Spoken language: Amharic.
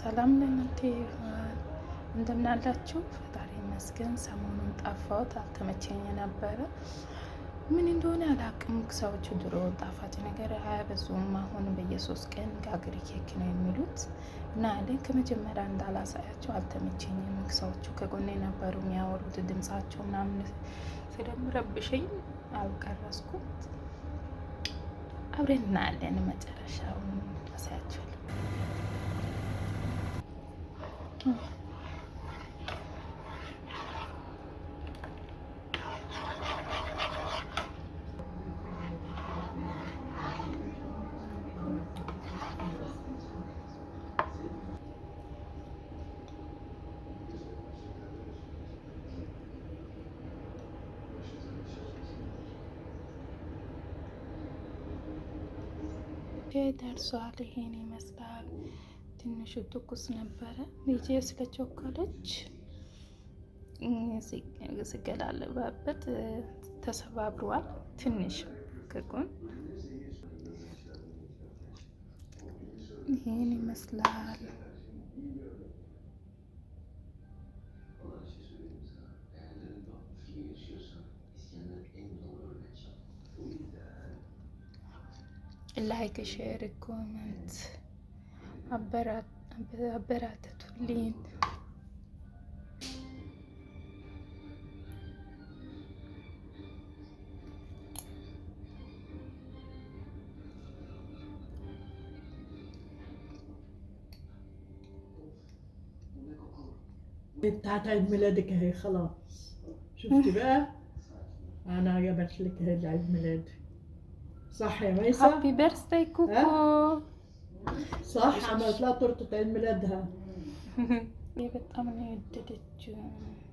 ሰላም ለእናንተ ይሁን። እንደምን አላችሁ? ፈጣሪ ይመስገን። ሰሞኑን ጠፋሁት፣ አልተመቸኝ ነበረ። ምን እንደሆነ አላቅም። ሰዎቹ ድሮ ጣፋጭ ነገር አያበዙም። አሁን በየሶስት ቀን ጋግሪ ኬክ ነው የሚሉት እና ያለን ከመጀመሪያ እንዳላሳያቸው አልተመቸኝም። ሰዎቹ ከጎን የነበሩ የሚያወሩት ድምጻቸው ምናምን ስለምረብሸኝ አልቀረስኩት። አብረን እናያለን መጨረሻውን አሳያቸው። درس صالحين مسباب ትንሹ ትኩስ ነበረ። ልጄ ስለቸኮለች ስገላለባበት ተሰባብሯል። ትንሽ ከጎን ይህን ይመስላል። ላይክ፣ ሼር፣ ኮመንት تولين بتاعت عيد ميلادك اهي خلاص شفتي بقى انا جبت لك عيد ميلادي صح يا ميسا هابي بيرثداي كوكو صح عملت لها تورتة عيد ميلادها هي بطقم اللي وددت